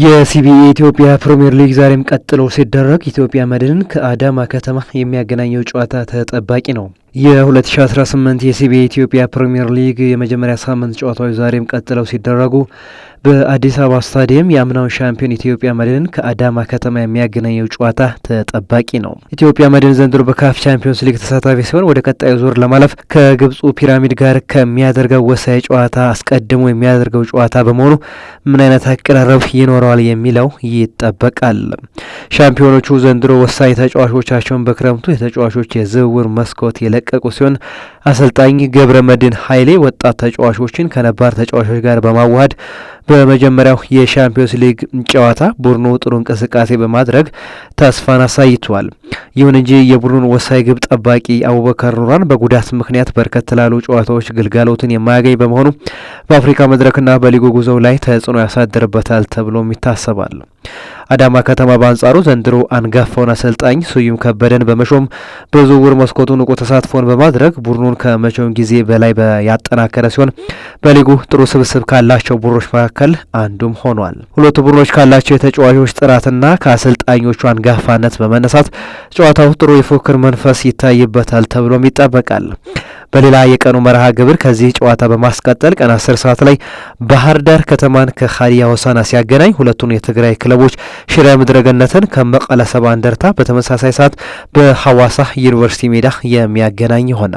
የሲቢኢ የኢትዮጵያ ፕሪምየር ሊግ ዛሬም ቀጥሎ ሲደረግ ኢትዮጵያ መድንን ከአዳማ ከተማ የሚያገናኘው ጨዋታ ተጠባቂ ነው። የ2018 የሲቢኢ ኢትዮጵያ ፕሪምየር ሊግ የመጀመሪያ ሳምንት ጨዋታዎች ዛሬም ቀጥለው ሲደረጉ በአዲስ አበባ ስታዲየም የአምናውን ሻምፒዮን ኢትዮጵያ መድን ከአዳማ ከተማ የሚያገናኘው ጨዋታ ተጠባቂ ነው። ኢትዮጵያ መድን ዘንድሮ በካፍ ቻምፒዮንስ ሊግ ተሳታፊ ሲሆን ወደ ቀጣዩ ዙር ለማለፍ ከግብፁ ፒራሚድ ጋር ከሚያደርገው ወሳኝ ጨዋታ አስቀድሞ የሚያደርገው ጨዋታ በመሆኑ ምን አይነት አቀራረብ ይኖረዋል የሚለው ይጠበቃል። ሻምፒዮኖቹ ዘንድሮ ወሳኝ ተጫዋቾቻቸውን በክረምቱ የተጫዋቾች የዝውውር መስኮት የለቀቁ ሲሆን አሰልጣኝ ገብረ መድን ኃይሌ ወጣት ተጫዋቾችን ከነባር ተጫዋቾች ጋር በማዋሃድ በመጀመሪያው የሻምፒዮንስ ሊግ ጨዋታ ቡድኑ ጥሩ እንቅስቃሴ በማድረግ ተስፋን አሳይቷል። ይሁን እንጂ የቡድኑን ወሳኝ ግብ ጠባቂ አቡበከር ኑራን በጉዳት ምክንያት በርከት ላሉ ጨዋታዎች ግልጋሎትን የማያገኝ በመሆኑ በአፍሪካ መድረክና በሊጉ ጉዞው ላይ ተጽዕኖ ያሳድርበታል ተብሎም ይታሰባል። አዳማ ከተማ በአንጻሩ ዘንድሮ አንጋፋውን አሰልጣኝ ስዩም ከበደን በመሾም በዝውውር መስኮቱ ንቁ ተሳትፎን በማድረግ ቡድኑን ከመቼውም ጊዜ በላይ ያጠናከረ ሲሆን በሊጉ ጥሩ ስብስብ ካላቸው ቡድኖች መካከል አንዱም ሆኗል። ሁለቱ ቡድኖች ካላቸው የተጫዋቾች ጥራትና ከአሰልጣኞቹ አንጋፋነት በመነሳት ጨዋታው ጥሩ የፉክክር መንፈስ ይታይበታል ተብሎም ይጠበቃል። በሌላ የቀኑ መርሃ ግብር ከዚህ ጨዋታ በማስቀጠል ቀን አስር ሰዓት ላይ ባህር ዳር ከተማን ከሀዲያ ሆሳና ሲያገናኝ ሁለቱን የትግራይ ክለቦች ሽረ ምድረገነትን ከመቀለ ሰባ እንደርታ በተመሳሳይ ሰዓት በሐዋሳ ዩኒቨርሲቲ ሜዳ የሚያገናኝ ይሆናል።